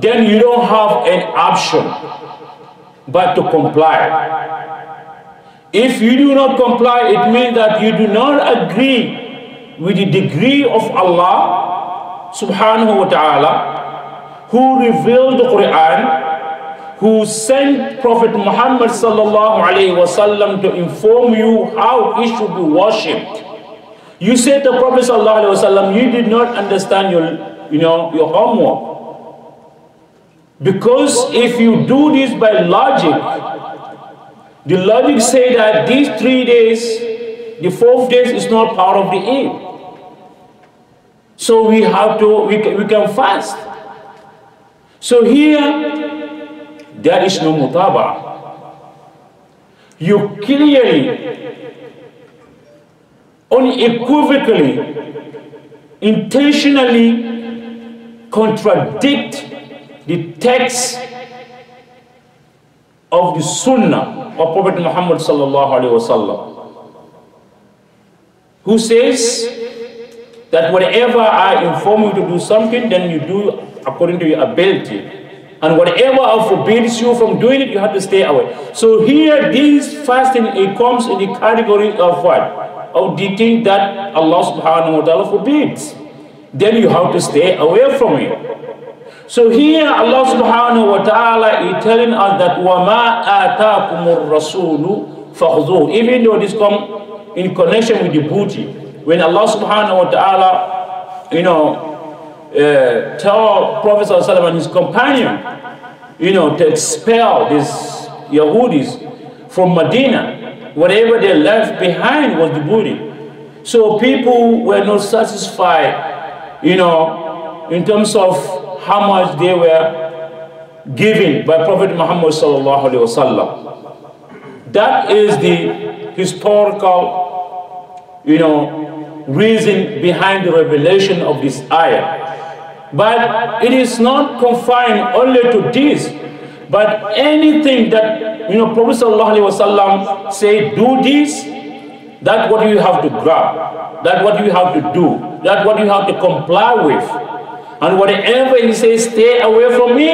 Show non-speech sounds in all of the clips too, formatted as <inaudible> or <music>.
then you don't have an option but to comply. If you do not comply, it means that you do not agree with the degree of Allah subhanahu wa ta'ala who revealed the Quran, who sent Prophet Muhammad sallallahu alayhi wasallam to inform you how it should be worshipped. You said to Prophet sallallahu alayhi wasallam, you did not understand your, you know, your homework. Because if you do this by logic, the logic say that these three days, the fourth day is not part of the eight. So we have to, we can, we can fast. So here, there is no mutaba. You clearly, unequivocally, intentionally contradict the text of the Sunnah of Prophet Muhammad sallallahu alaihi wasallam, who says that whatever I inform you to do something, then you do according to your ability. And whatever I forbids you from doing it, you have to stay away. So here, this fasting, it comes in the category of what? Of the thing that Allah subhanahu wa ta'ala forbids. Then you have to stay away from it. So here Allah subhanahu wa ta'ala is telling us that وَمَا آتَاكُمُ الرَّسُولُ فَخْذُوهُ Even though this come in connection with the booty, when Allah subhanahu wa ta'ala, you know, uh, tell Prophet sallallahu and his companion, you know, to expel these Yahudis from Medina, whatever they left behind was the booty. So people were not satisfied, you know, in terms of how much they were given by Prophet Muhammad sallallahu alaihi wasallam. That is the historical, you know, reason behind the revelation of this ayah. But it is not confined only to this, but anything that you know Prophet sallallahu alaihi wasallam say, do this, that's what you have to grab. That's what you have to do. That's what you have to comply with. And whatever he says, stay away from me.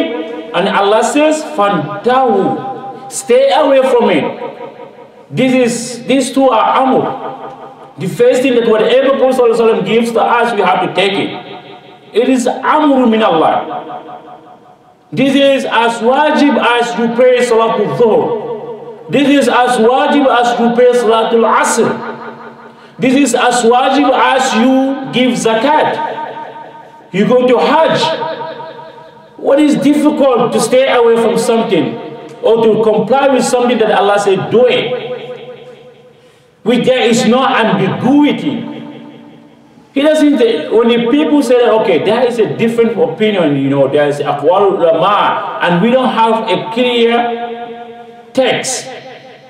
And Allah says, Fantahu. Stay away from it. This is these two are amr. The first thing that whatever Prophet gives to us, we have to take it. It is amr min Allah. This is as wajib as you pray Salatul Dhuhr. This is as wajib as you pray Salatul Asr. This is as wajib as you give zakat. You go to Hajj. What is difficult to stay away from something or to comply with something that Allah said, do it. Which there is no ambiguity. He doesn't, when the people say that, okay, there is a different opinion, you know, there is Aqwal Rama, and we don't have a clear text,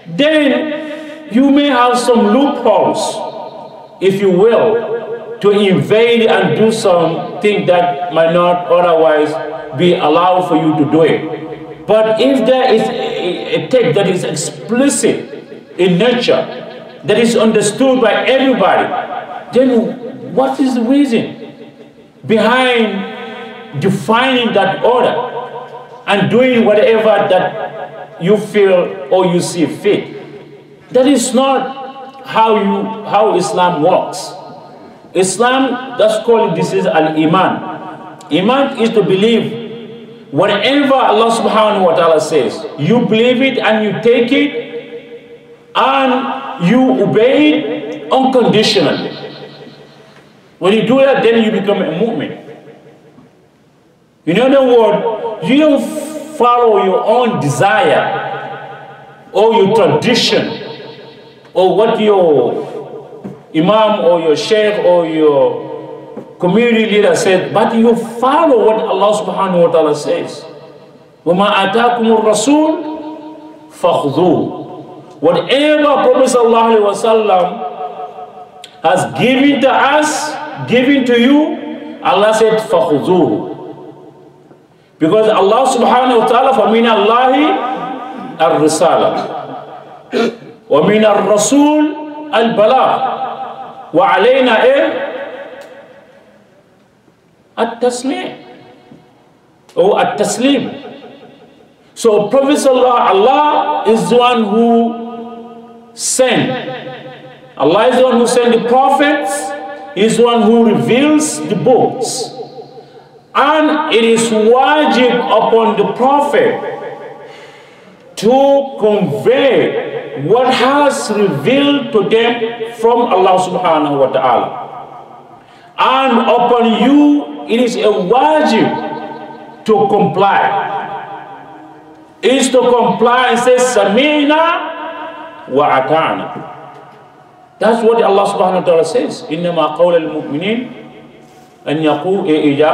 then you may have some loopholes, if you will, to invade and do something that might not otherwise be allowed for you to do it. But if there is a, a text that is explicit in nature, that is understood by everybody, then what is the reason behind defining that order and doing whatever that you feel or you see fit? That is not how, you, how Islam works. Islam does call this is al-Iman. Iman is to believe whatever Allah subhanahu wa ta'ala says. You believe it and you take it and you obey it unconditionally. When you do that, then you become a mu'min. In other words, you don't follow your own desire or your tradition or what your imam or your sheikh or your community leader said, but you follow what Allah subhanahu wa ta'ala says. وَمَا أَتَاكُمُ الرَّسُولُ فَخْذُوهُ Whatever Prophet sallallahu alayhi wa sallam has given to us, given to you, Allah said, فَخْذُوهُ because Allah subhanahu wa ta'ala فَمِنَ اللَّهِ الرِّسَالَةِ وَمِنَ الرَّسُولِ الْبَلَاغِ وعلينا إيه التسليم أو التسليم So Prophet Allah, Allah is the one who sent. Allah is the one who sent the prophets. is the one who reveals the books. And it is wajib upon the prophet to convey what has revealed to them from Allah subhanahu wa ta'ala. And upon you, it is a wajib to comply. It is to comply and say, Samina wa atana. That's what Allah subhanahu wa ta'ala says. إِنَّمَا قَوْلَ الْمُؤْمِنِينَ al يقول إذا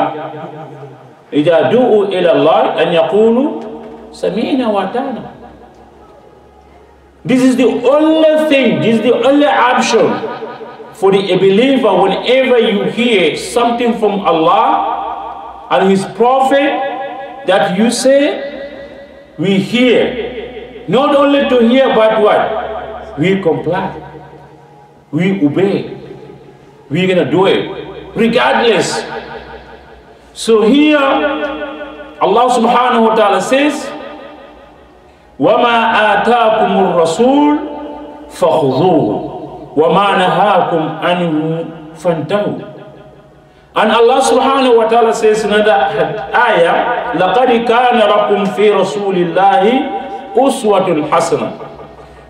إذا دعوا إلى الله an يقولوا eh, Samina watana. This is the only thing, this is the only option for the believer whenever you hear something from Allah and His Prophet that you say, we hear. Not only to hear, but what? We comply. We obey. We're going to do it. Regardless. So here, Allah subhanahu wa ta'ala says, وما آتاكم الرسول فخذوه وما نهاكم عنه فانتهوا أن الله سبحانه وتعالى says another ayah لقد كان لكم في رسول الله أسوة حسنة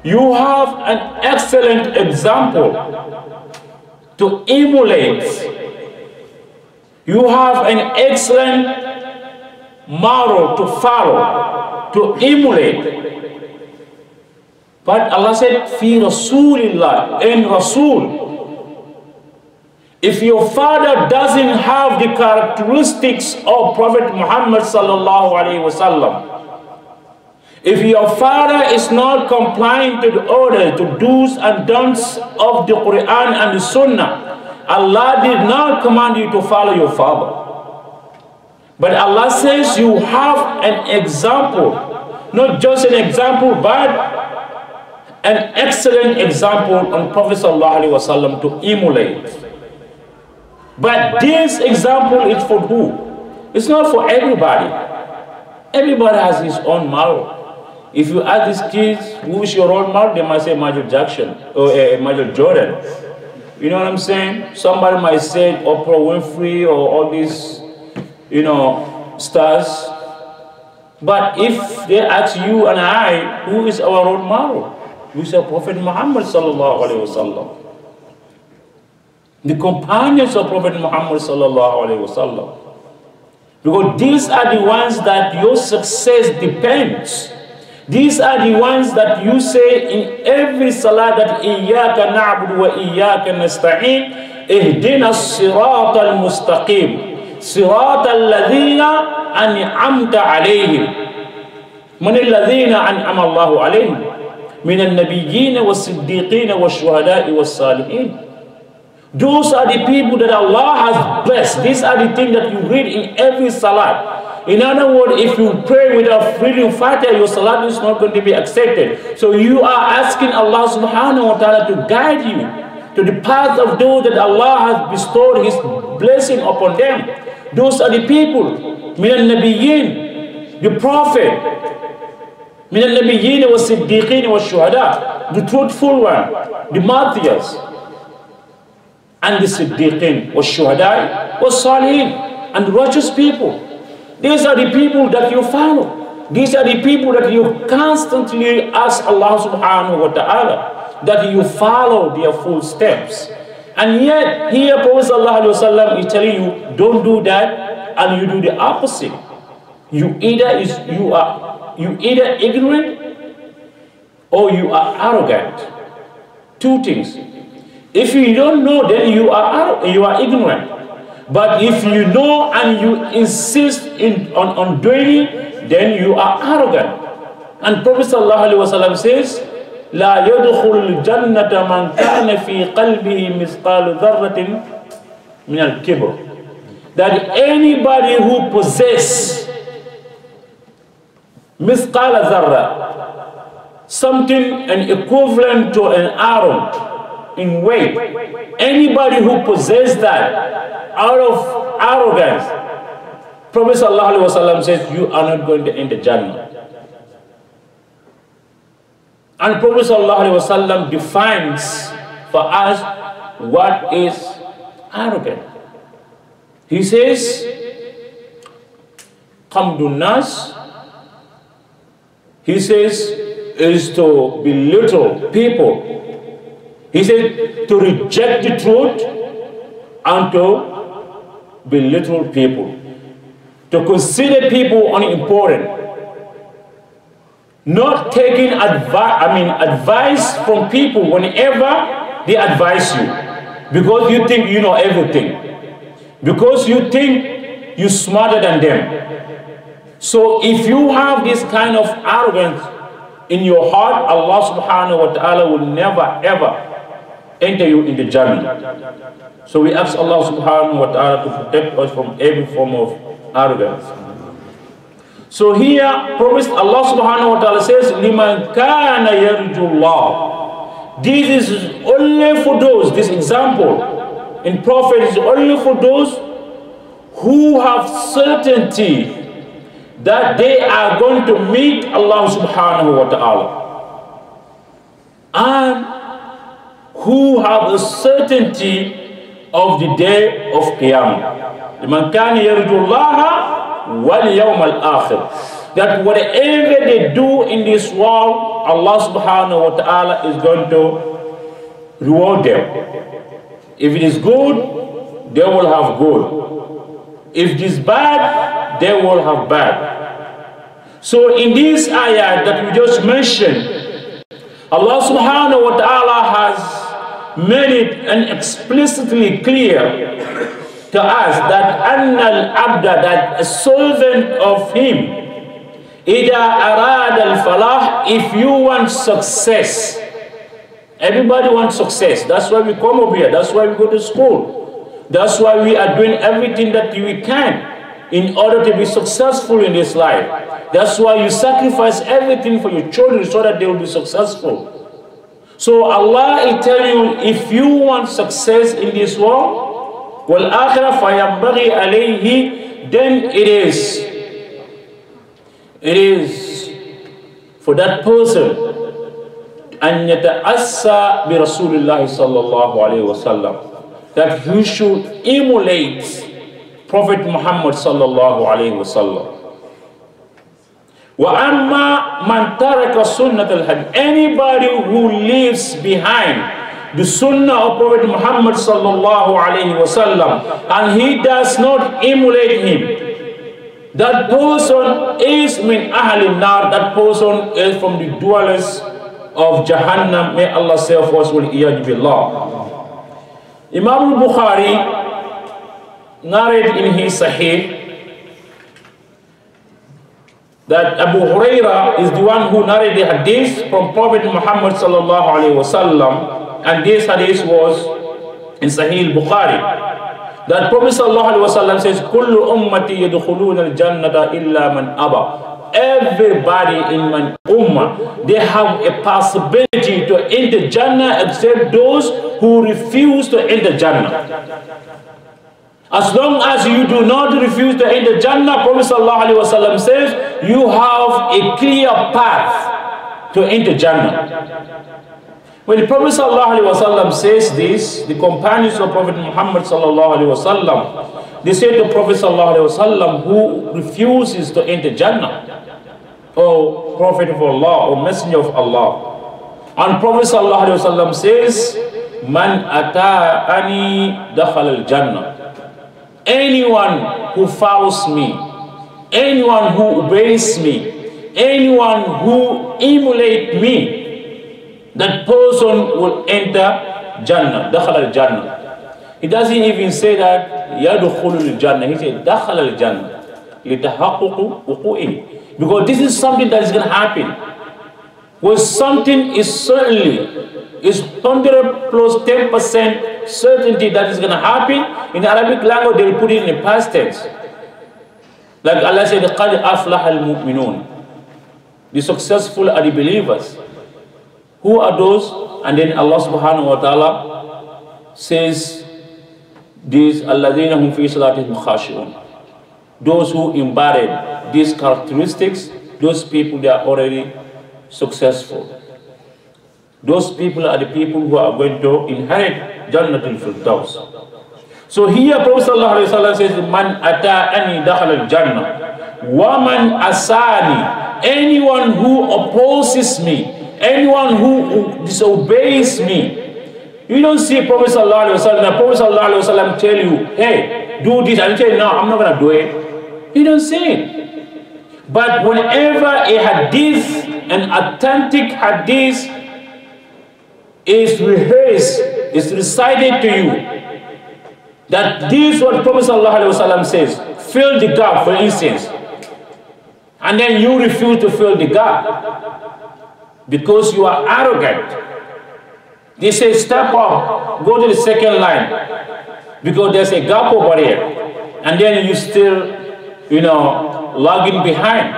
You have an excellent example to emulate. You have an excellent model to follow. to emulate. But Allah said, Fi Rasulillah, in Rasul. If your father doesn't have the characteristics of Prophet Muhammad sallallahu alaihi wasallam, if your father is not complying to the order, to do's and don'ts of the Quran and the Sunnah, Allah did not command you to follow your father. But Allah says you have an example, not just an example, but an excellent example on Prophet wasallam to emulate. But this example is for who? It's not for everybody. Everybody has his own model. If you ask these kids, who is your role model? They might say Michael Jackson or uh, Michael Jordan. You know what I'm saying? Somebody might say Oprah Winfrey or all these you know, stars. But if they ask you and I, who is our role model? We say Prophet Muhammad sallallahu alaihi wasallam. The companions of Prophet Muhammad sallallahu alaihi wasallam. Because these are the ones that your success depends. These are the ones that you say in every salah that إِيَّاكَ نَعْبُدُ وَإِيَّاكَ نَسْتَعِينَ اِهْدِنَا الصِّرَاطَ الْمُسْتَقِيمَ عليهم من الذين أنعم الله عليهم من النبيين শুহাদা والشهداء والصالحين. Those are the people that Allah has blessed. These are the things that you read in every salat. In other words, if you pray without reading Fatiha, your salat is not going to be accepted. So you are asking Allah subhanahu wa ta'ala to guide you to the path of those that Allah has bestowed His blessing upon them. Those are the people. من النبيين, the prophet. من النبيين والصديقين والشهداء, the truthful one, the martyrs. And the صديقين والشهداء والصالحين, and righteous people. These are the people that you follow. These are the people that you constantly ask Allah subhanahu wa ta'ala that you follow their footsteps. And yet, here Prophet Sallallahu is telling you, don't do that, and you do the opposite. You either is you are you either ignorant or you are arrogant. Two things. If you don't know, then you are you are ignorant. But if you know and you insist in, on, on doing it, then you are arrogant. And Prophet Sallallahu says, لا يدخل الجنة من كان في قلبه مثقال ذرة من الكبر that anybody who possess مثقال ذرة something an equivalent to an atom in weight anybody who possess that out of arrogance Prophet sallallahu alaihi wasallam says you are not going to enter Jannah And Prophet Wasallam defines for us what is arrogant. He says, "Kamdu Nas. He says, is to belittle people. He said, to reject the truth and to belittle people. To consider people unimportant not taking advice, I mean, advice from people whenever they advise you. Because you think you know everything. Because you think you're smarter than them. So if you have this kind of arrogance in your heart, Allah subhanahu wa ta'ala will never ever enter you in the Jannah. So we ask Allah subhanahu wa ta'ala to protect us from every form of arrogance. So here, promised Allah subhanahu wa ta'ala says, لِمَنْ كَانَ يَرْجُ اللَّهِ This is only for those, this example in Prophet is only for those who have certainty that they are going to meet Allah subhanahu wa ta'ala. And who have a certainty of the day of Qiyamah. That whatever they do in this world, Allah subhanahu wa ta'ala is going to reward them. If it is good, they will have good. If it is bad, they will have bad. So in this ayah that we just mentioned, Allah subhanahu wa ta'ala has made it explicitly clear to us that Annal Abda, that a servant of Him, Ida arad al falah, if you want success, everybody wants success. That's why we come over here. That's why we go to school. That's why we are doing everything that we can in order to be successful in this life. That's why you sacrifice everything for your children so that they will be successful. So Allah will tell you if you want success in this world, وَالْآخِرَةَ Then it is, it is for that person That he should emulate Prophet Muhammad sallallahu alayhi wa sallam. وَأَمَّا مَنْ تَرَكَ سُنَّةَ Anybody who leaves behind the sunnah of Prophet Muhammad sallallahu alayhi wasallam and he does not emulate him, that person is min ahli nar, that person is from the dwellers of Jahannam. May Allah save us with Allah. Imam al-Bukhari narrated in his Sahih that Abu Huraira is the one who narrated the hadith from Prophet Muhammad wasallam, and this hadith was in Sahih Bukhari. That Prophet sallallahu wasallam says, "Kullu ummati al-jannata illa man aba." Everybody in my ummah, they have a possibility to enter Jannah except those who refuse to enter Jannah. As long as you do not refuse to enter Jannah, Prophet ﷺ says, you have a clear path to enter Jannah. When the Prophet ﷺ says this, the companions of Prophet Muhammad ﷺ, they say to Prophet ﷺ, who refuses to enter Jannah, O Prophet of Allah, O Messenger of Allah. And Prophet ﷺ says, Man ata'ani dakhal al-Jannah. Anyone who follows me, anyone who obeys me, anyone who imitates me, that person will enter Jannah, Dakhal al Jannah. He doesn't even say that Yadukhul al Jannah, he said Dakhal al Jannah, Because this is something that is going to happen. When something is certainly, is 100 10% certainty that is going to happen, in Arabic language they will put it in the past tense. Like Allah said, قَدْ 'Al-Falah al-Mu'minun,' The successful are the believers. Who are those? And then Allah subhanahu wa ta'ala says, these الَّذِينَ هُمْ فِي Those who embodied these characteristics, those people they are already successful. Those people are the people who are going to inherit Jannatul Firdaus. So here Prophet ﷺ says, Man ata'ani dakhal al-jannah. Waman asani. Anyone who opposes me. Anyone who disobeys me. You don't see Prophet ﷺ, Prophet ﷺ tell you, hey, do this. And you say, no, I'm not going to do it. You don't see it. But whenever a hadith, an authentic hadith, is rehearsed, is recited to you, that this is what Prophet ﷺ says, fill the gap, for instance, and then you refuse to fill the gap because you are arrogant. They say, step up, go to the second line because there's a gap over here, and then you still you know, lagging behind.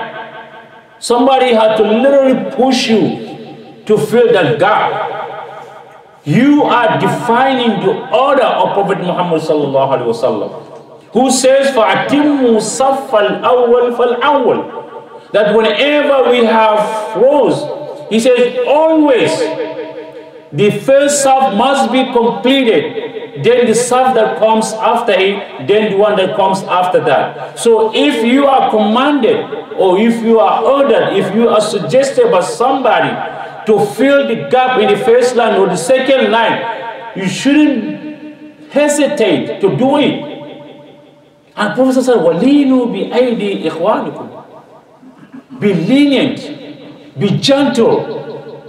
Somebody had to literally push you to fill that gap. You are defining the order of Prophet Muhammad sallallahu alaihi wasallam, who says, "Fa'atimu safal awal fal awal," that whenever we have rows, he says, always the first serve must be completed. Then the serve that comes after it, then the one that comes after that. So if you are commanded or if you are ordered, if you are suggested by somebody to fill the gap in the first line or the second line, you shouldn't hesitate to do it. And Prophet said, Walinu bi aidi ikhwanikum. Be lenient, be gentle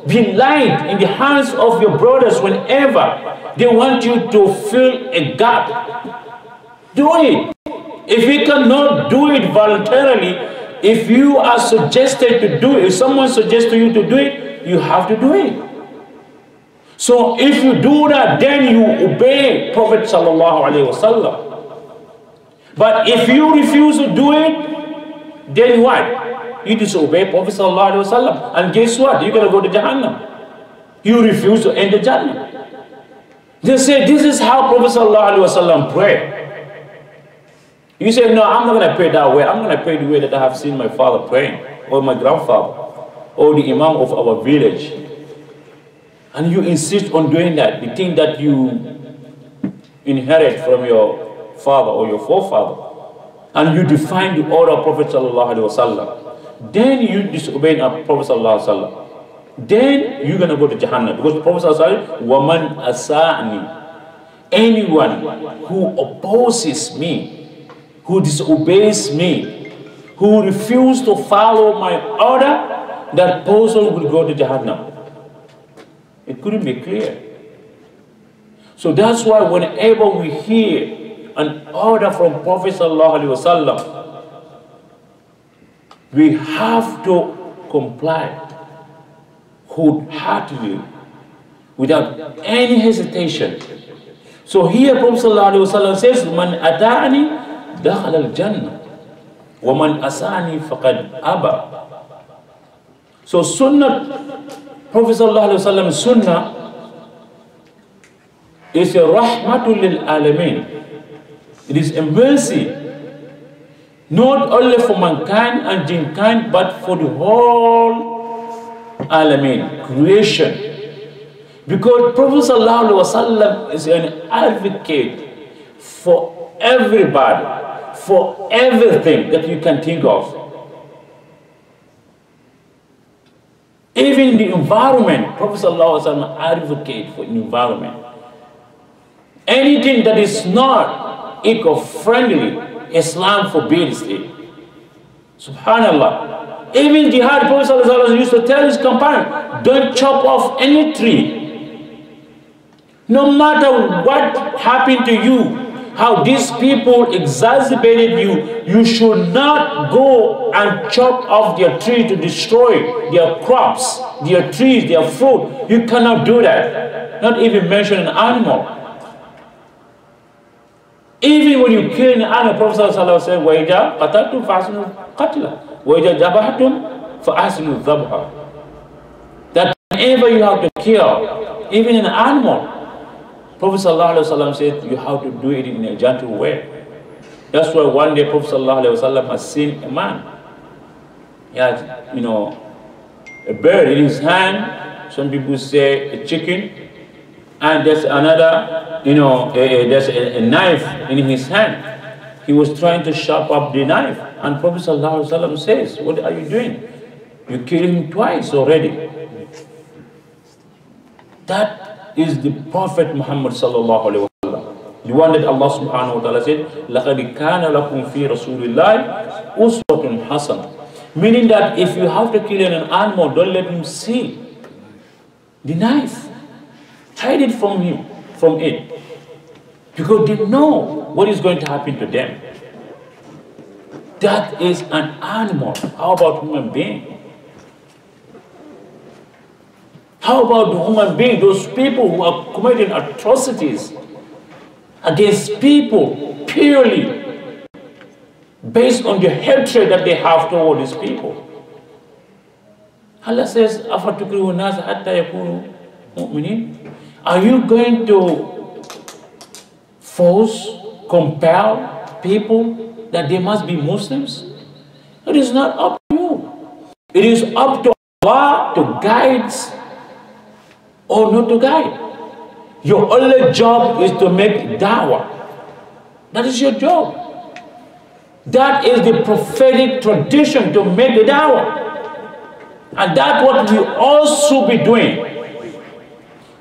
be light in the hands of your brothers whenever they want you to fill a gap. Do it. If you cannot do it voluntarily, if you are suggested to do it, if someone suggests to you to do it, you have to do it. So if you do that, then you obey Prophet Sallallahu Alaihi Wasallam. But if you refuse to do it, then what? you disobey Prophet Sallallahu Alaihi Wasallam. And guess what? You're going to go to Jahannam. You refuse to enter journey. They say, this is how Prophet Sallallahu Alaihi Wasallam prayed. You say, no, I'm not going to pray that way. I'm going to pray the way that I have seen my father praying, or my grandfather, or the imam of our village. And you insist on doing that, the thing that you inherit from your father or your forefather. And you define the order of Prophet Sallallahu Alaihi Wasallam then you disobey our Prophet Sallallahu Then you're going to go to Jahannam. Because the Prophet Sallallahu Waman asa'ni. Anyone who opposes me, who disobeys me, who refuses to follow my order, that person will go to Jahannam. It couldn't be clear. So that's why whenever we hear an order from Prophet Sallallahu Alaihi Wasallam, we have to comply wholeheartedly without any hesitation. So here Prophet ﷺ says, Man ata'ani dakhal al-jannah wa man asani faqad aba. So sunnah, Prophet ﷺ sunnah is a rahmatul lil It is a mercy not only for mankind and jinn kind, but for the whole alamin, creation. Because Prophet Wasallam is an advocate for everybody, for everything that you can think of. Even the environment, Prophet Wasallam advocate for environment. Anything that is not eco-friendly Islam forbids it. Subhanallah. Even jihad, Prophet used to tell his companion, don't chop off any tree. No matter what happened to you, how these people exacerbated you, you should not go and chop off their tree to destroy their crops, their trees, their fruit. You cannot do that. Not even mention an animal. Even when you kill an animal, Prophet said, وَإِذَا قَتَلْتُمْ فَأَحْسِنُوا قَتْلَهُ وَإِذَا جَبَحْتُمْ فَأَحْسِنُوا الذَّبْحَ That whenever you have to kill, even an animal, Prophet said, you have to do it in a gentle way. That's why one day Prophet has seen a man. He had, you know, a bird in his hand. Some people say a chicken and there's another, you know, a, a, there's a, a, knife in his hand. He was trying to sharp up the knife, and Prophet ﷺ says, "What are you doing? You killed him twice already." That is the Prophet Muhammad sallallahu alaihi wasallam, the one that Allah subhanahu wa taala said, "لَقَدْ كَانَ لَكُمْ فِي رَسُولِ اللَّهِ أُسْوَةٌ حَسَنَةٌ," meaning that if you have to kill an animal, don't let him see the knife hide it from you, from it. Because they know what is going to happen to them. That is an animal. How about human being? How about the human being, those people who are committing atrocities against people purely based on the hatred that they have toward these people? Allah says, are you going to force, compel people that they must be Muslims? It is not up to you. It is up to Allah to guide or not to guide. Your only job is to make dawah. That is your job. That is the prophetic tradition to make the dawah. And that's what we all should be doing.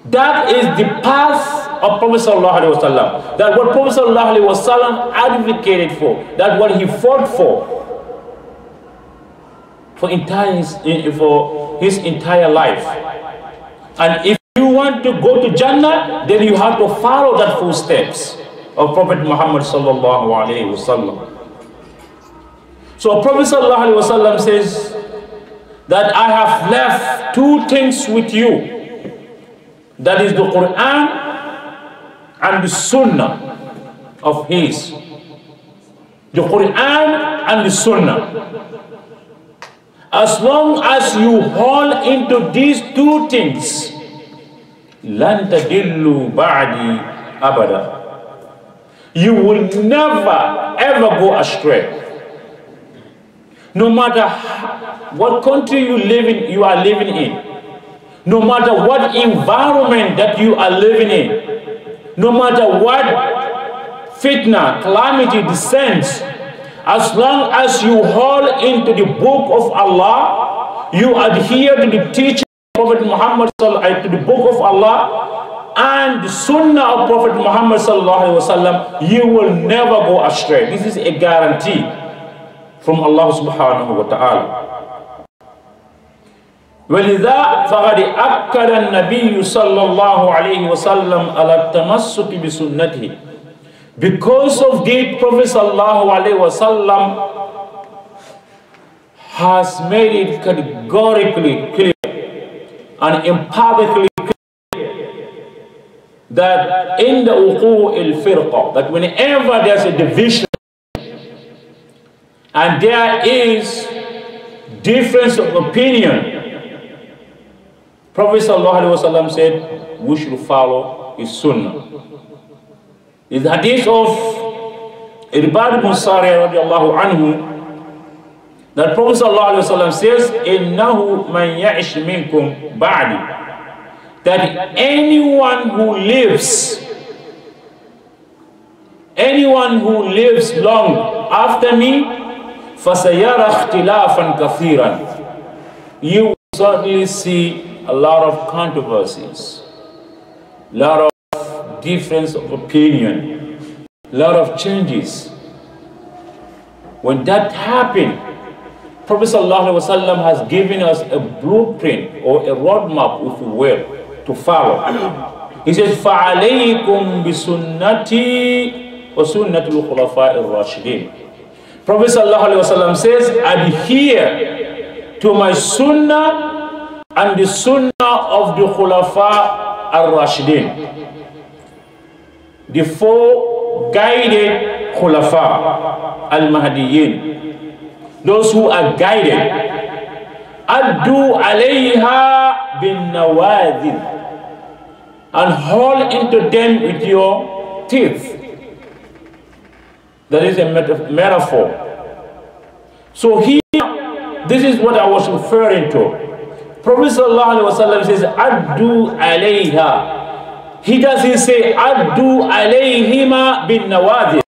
That is the path of Prophet ﷺ. That what Prophet ﷺ advocated for. That what he fought for. For, entire, for his entire life. And if you want to go to Jannah, then you have to follow that footsteps of Prophet Muhammad Sallallahu Alaihi Wasallam. So Prophet Sallallahu Alaihi Wasallam says that I have left two things with you. That is the Quran and the Sunnah of his. The Quran and the Sunnah. As long as you hold into these two things, You will never ever go astray. No matter what country you live in, you are living in. No matter what environment that you are living in, no matter what fitna, calamity descends, as long as you hold into the book of Allah, you adhere to the teaching of Prophet Muhammad to the book of Allah and the sunnah of Prophet Muhammad you will never go astray. This is a guarantee from Allah subhanahu wa ta'ala. ولذا فقد أكد النبي صلى الله عليه وسلم على التمسك بسنته because of that Prophet صلى الله عليه وسلم has made it categorically clear and emphatically clear that in the uqu' al-firqa that whenever there's a division and there is difference of opinion Prophet ﷺ said, we should follow his sunnah. In the hadith of ibad ibn Sari radiallahu anhu, that Prophet ﷺ says, إِنَّهُ man يَعِشْ kum badi," That anyone who lives, anyone who lives long after me, فَسَيَرَ اخْتِلَافًا كَثِيرًا You will certainly see a lot of controversies, a lot of difference of opinion, a lot of changes. When that happened, Prophet ﷺ has given us a blueprint or a roadmap, if you will, to follow. He says, فَعَلَيْكُمْ بِسُنَّتِي وَسُنَّةِ الْخُلَفَاءِ الرَّاشِدِينَ Prophet ﷺ says, adhere to my sunnah and the sunnah of the Khulafa al-Rashidin. The four guided Khulafa al-Mahdiyin. Those who are guided. Addu alayha bin nawadid. And hold into them with your teeth. That is a metaphor. So here, this is what I was referring to. Prophet ﷺ says, Addu alayha. He doesn't say, Addu alayhima bin nawadi.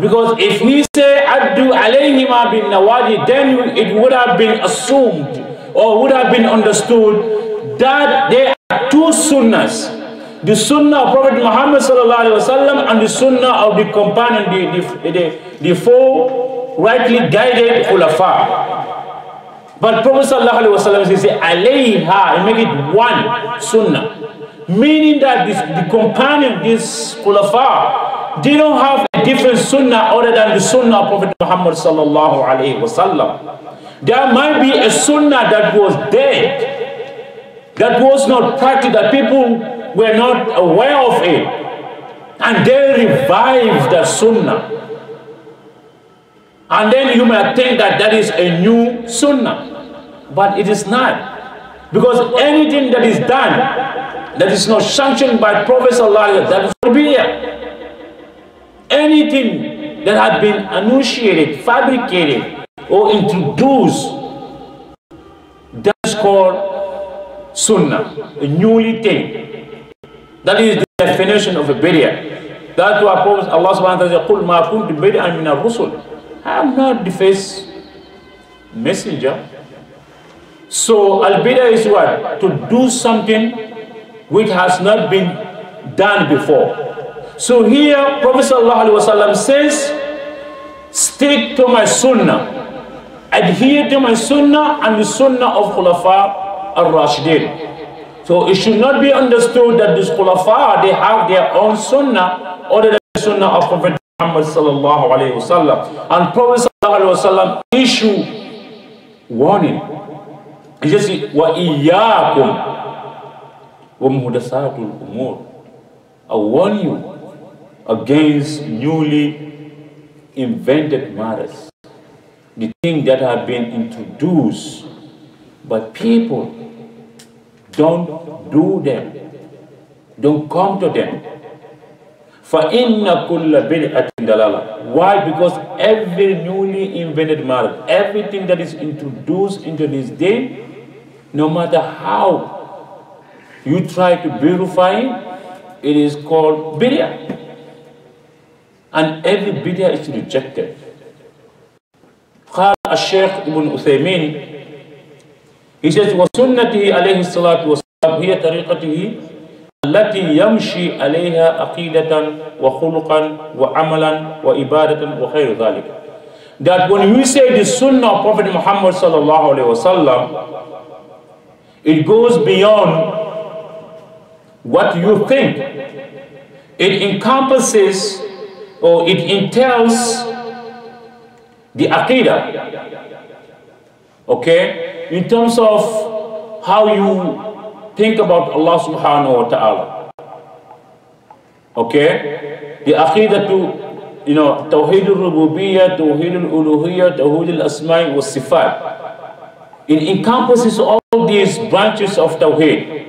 Because if we say, Addu alayhima bin nawadi, then it would have been assumed or would have been understood that there are two sunnahs. The sunnah of Prophet Muhammad ﷺ and the sunnah of the companion, the, the, the, the four rightly guided khulafa. But Prophet ﷺ says, Alayha, and make it one sunnah. Meaning that this, the companion, this khulafa, they don't have a different sunnah other than the sunnah of Prophet Muhammad sallallahu Alaihi wasallam. There might be a sunnah that was dead, that was not practiced, that people were not aware of it. And they revived the sunnah. And then you may think that that is a new sunnah but it is not. Because anything that is done that is not sanctioned by Prophet Sallallahu that is forbidden. Anything that has been initiated, fabricated, or introduced, that is called sunnah, a newly thing. That is the definition of a barrier. That's why Prophet Allah subhanahu wa ta'ala I am not the first messenger so al-bid'ah is what? To do something which has not been done before. So here Prophet ﷺ says, stick to my sunnah, adhere to my sunnah and the sunnah of Khulafa al-Rashidin. So it should not be understood that this Khulafa, they have their own sunnah other than the sunnah of Prophet Muhammad sallallahu alayhi And Prophet sallallahu alayhi wasallam issue warning kijasi wa iyyakum wa muhdathatul umur I warn you against newly invented matters the things that have been introduced but people don't do them don't come to them فَإِنَّ كُلَّ بِدْعَةٍ دَلَالَةٍ Why? Because every newly invented matter, everything that is introduced into this day no matter how you try to beautify it, it is called bid'ah. And every bid'ah is rejected. قال الشيخ ابن عثيمين He says, وسنته عليه الصلاة والسلام هي طريقته التي يمشي عليها عقيدة وخلقا وعملا وإبادة وخير ذلك. That when we say the sunnah of Prophet Muhammad sallallahu alayhi wa sallam, it goes beyond what you think. It encompasses or it entails the Aqidah. Okay? In terms of how you think about Allah subhanahu wa ta'ala. Okay? The Aqidah to you know, al-Rububiyyah, توحيد الربوبية, توحيد الألوهية, توحيد الأسماء sifat it encompasses all these branches of Tawheed.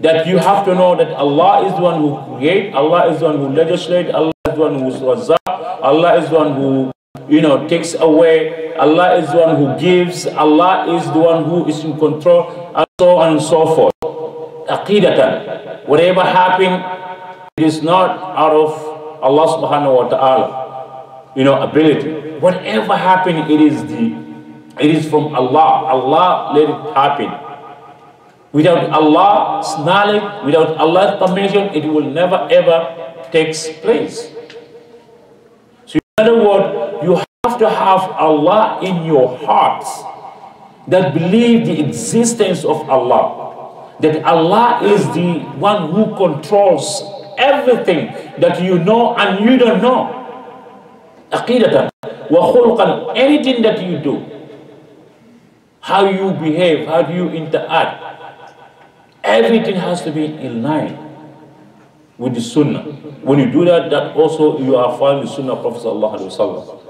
That you have to know that Allah is the one who creates, Allah is the one who legislates, Allah is the one who razaq, Allah is the one who you know takes away, Allah is the one who gives, Allah is the one who is in control, and so on and so forth. Aqidatan. Whatever happened, it is not out of Allah subhanahu wa ta'ala, you know, ability. Whatever happened, it is the it is from Allah. Allah let it happen. Without Allah's knowledge, without Allah's permission, it will never ever takes place. So in other words, you have to have Allah in your hearts that believe the existence of Allah. That Allah is the one who controls everything that you know and you don't know. Aqidatan. Wa khulqan. Anything that you do how you behave, how do you interact. Everything has to be in line with the sunnah. When you do that, that also you are following the sunnah of Prophet Sallallahu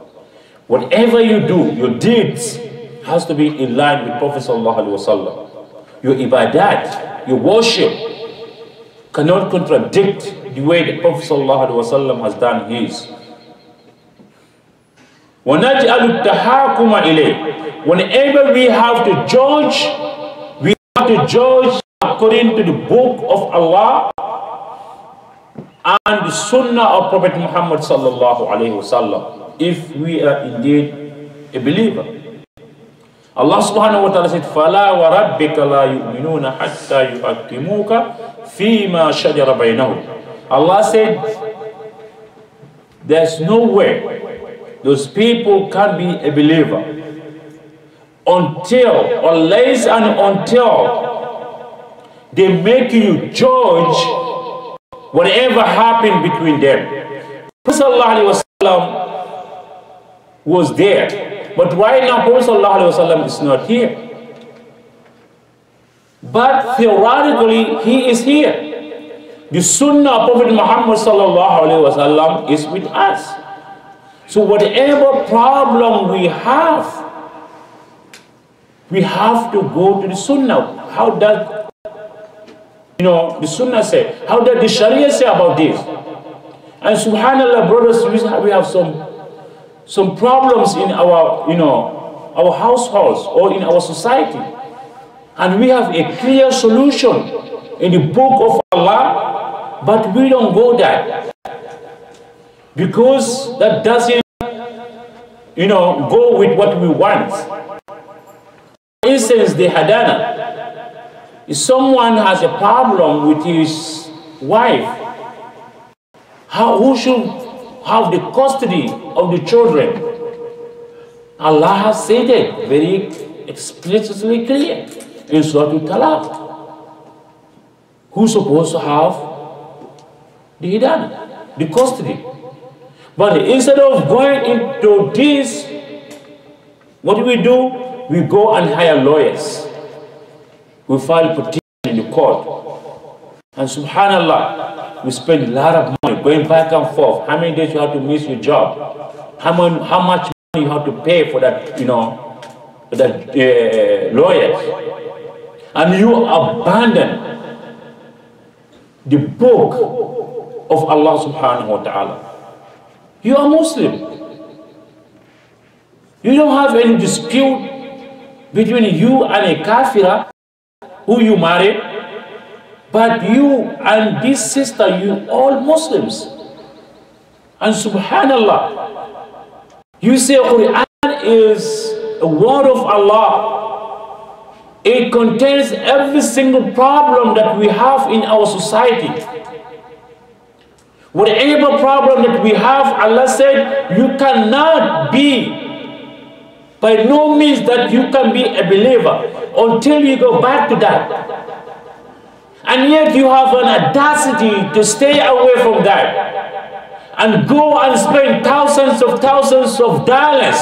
Whatever you do, your deeds has to be in line with Prophet Sallallahu Your ibadat, your worship cannot contradict the way that Prophet Sallallahu has done his. وَنَجْعَلُ التَّحَاكُمَ إِلَيْهِ Whenever we have to judge, we have to judge according to the book of Allah and the sunnah of Prophet Muhammad sallallahu alayhi wasallam if we are indeed a believer. Allah subhanahu wa ta'ala said, فَلَا وَرَبِّكَ لَا يُؤْمِنُونَ حَتَّى يُحَكِّمُوكَ فِي مَا شَجَرَ بَيْنَهُمْ Allah said, there's no way those people can't be a believer until, unless and until they make you judge whatever happened between them. Prophet was there, but right now Prophet is not here. But theoretically, he is here. The Sunnah of Prophet Muhammad is with us. So whatever problem we have, we have to go to the Sunnah. How does, you know, the Sunnah say? How does the Sharia say about this? And subhanallah, brothers, we have some, some problems in our, you know, our households or in our society. And we have a clear solution in the book of Allah, but we don't go there because that doesn't, you know, go with what we want. For instance, the Hadana. If someone has a problem with his wife, how, who should have the custody of the children? Allah has said it very explicitly clear in Surah Al-Talaq. Who's supposed to have the Hidana, the custody? But instead of going into this, what do we do? We go and hire lawyers. We file petition in the court. And subhanallah, we spend a lot of money going back and forth. How many days you have to miss your job? How, how much money you have to pay for that, you know, for that uh, lawyers? And you abandon the book of Allah subhanahu wa ta'ala. You are Muslim. You don't have any dispute between you and a kafira who you married, but you and this sister, you all Muslims. And subhanallah, you say Quran is a word of Allah. It contains every single problem that we have in our society. Whatever problem that we have, Allah said, you cannot be by no means that you can be a believer until you go back to that. And yet you have an audacity to stay away from that and go and spend thousands of thousands of dollars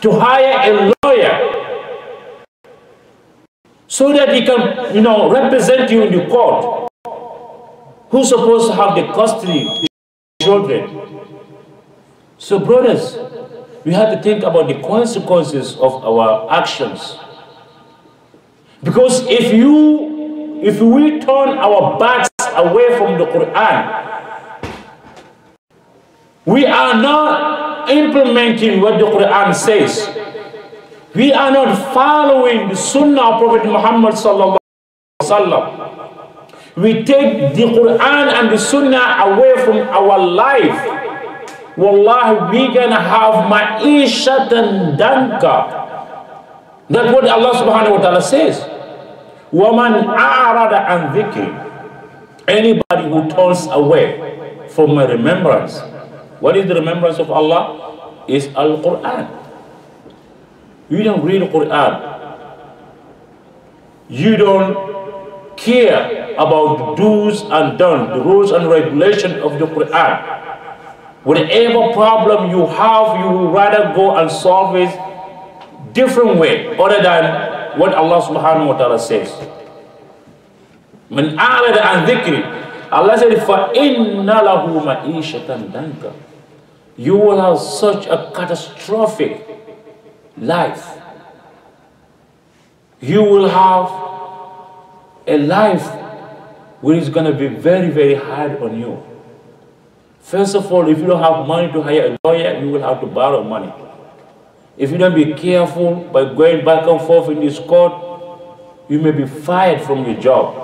to hire a lawyer so that he can, you know, represent you in the court. Who's supposed to have the custody of children? So brothers, we have to think about the consequences of our actions. Because if you, if we turn our backs away from the Quran, we are not implementing what the Quran says. We are not following the Sunnah of Prophet Muhammad sallallahu alaihi wasallam. We take the Quran and the Sunnah away from our life. Wallahi, we can gonna have ma'ishatan danka. That's what Allah subhanahu wa ta'ala says. Woman a'rada an dhikri. Anybody who turns away from my remembrance. What is the remembrance of Allah? Is Al-Quran. You don't read the Quran. You don't care about the do's and don'ts, the rules and regulations of the Quran. Whatever problem you have, you would rather go and solve it different way other than what Allah subhanahu wa ta'ala says. Allah said, You will have such a catastrophic life. You will have a life which is going to be very, very hard on you. First of all, if you don't have money to hire a lawyer, you will have to borrow money. If you don't be careful by going back and forth in this court, you may be fired from your job.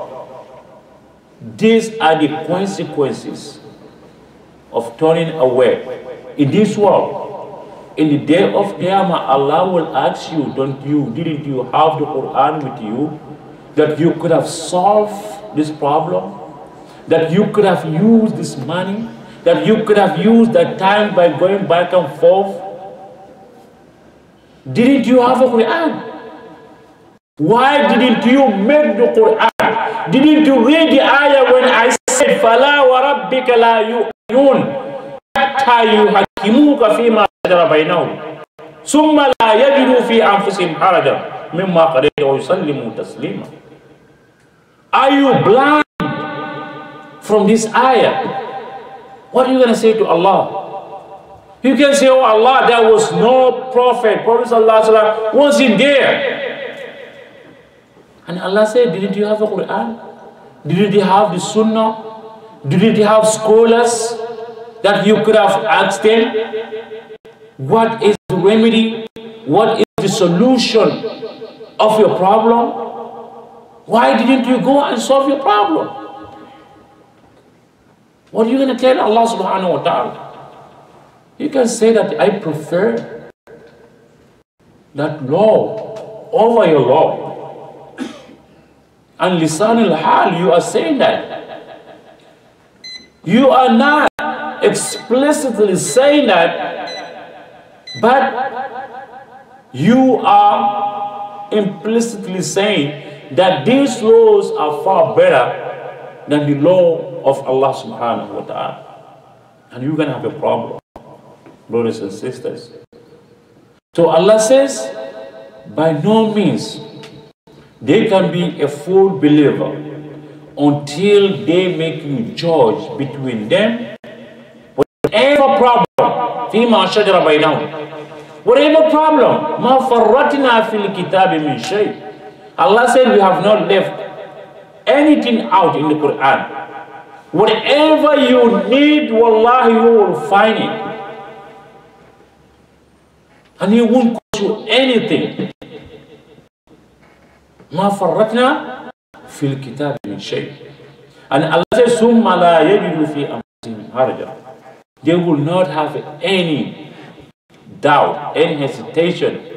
These are the consequences of turning away. In this world, in the day of Qiyamah, Allah will ask you, don't you, didn't you have the Quran with you that you could have solved this problem, that you could have used this money, that you could have used that time by going back and forth. Didn't you have a Quran? Why didn't you make the Quran? Didn't you read the ayah when I said, "Fala وَرَبِّكَ لَا يُؤْمِنُونَ حَتَّى يُحَكِّمُوكَ فِي مَا شَجَرَ بَيْنَهُمْ summa la يَجِدُوا فِي أَنفُسِهِمْ حَرَجًا مِمَّا قَضَيْتَ وَيُسَلِّمُوا تَسْلِيمًا are you blind from this ayah? What are you going to say to Allah? You can say, oh Allah, there was no prophet. Prophet Sallallahu wasn't there. And Allah said, didn't you have a Quran? Didn't you have the Sunnah? Didn't you have scholars that you could have asked them? What is the remedy? What is the solution of your problem? Why didn't you go and solve your problem? What are you going to tell Allah subhanahu wa ta'ala? You can say that I prefer that law over your law. <coughs> And lisan al-hal, you are saying that. You are not explicitly saying that, but you are implicitly saying that these laws are far better than the law of Allah subhanahu wa ta'ala. And you're going to have a problem, brothers and sisters. So Allah says, by no means they can be a full believer until they make you judge between them whatever problem فيما شجر بينهم whatever problem ما فرطنا في الكتاب من شيء Allah said, we have not left anything out in the Quran. Whatever you need, wallahi, you will find it. And He won't cost you anything. ما فرطنا في الكتاب من شيء. And Allah says, ثم لا يجد في أنفسهم حرجا. They will not have any doubt, any hesitation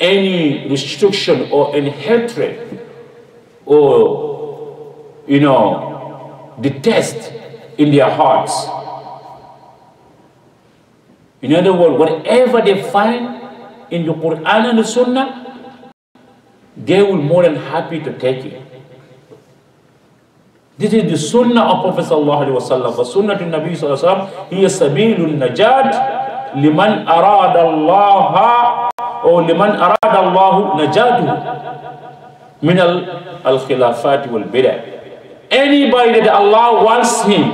any restriction or any hatred or, you know, detest in their hearts. In other words, whatever they find in the Quran and the Sunnah, they will more than happy to take it. This is the Sunnah of Prophet Sallallahu Alaihi Wasallam. The Sunnah to Nabi Sallallahu Alaihi Wasallam, he is sabilun najat liman arada Allah أو لمن أراد الله نجاته من الخلافات والبدع anybody that Allah wants him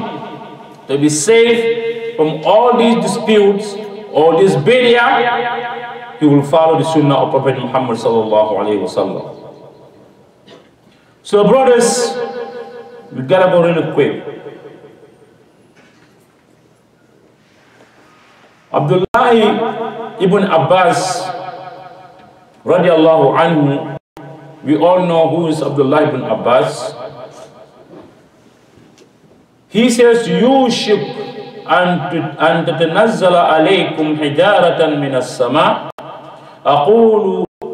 to be safe from all these disputes or this bid'ah he will follow the sunnah of Prophet Muhammad sallallahu alayhi wasallam so brothers we gotta go really quick Abdullah ibn Abbas radiallahu anhu, we all know who is Abdullah ibn Abbas. He says, you ship أن تتنزل عليكم حجارة من السماء أقول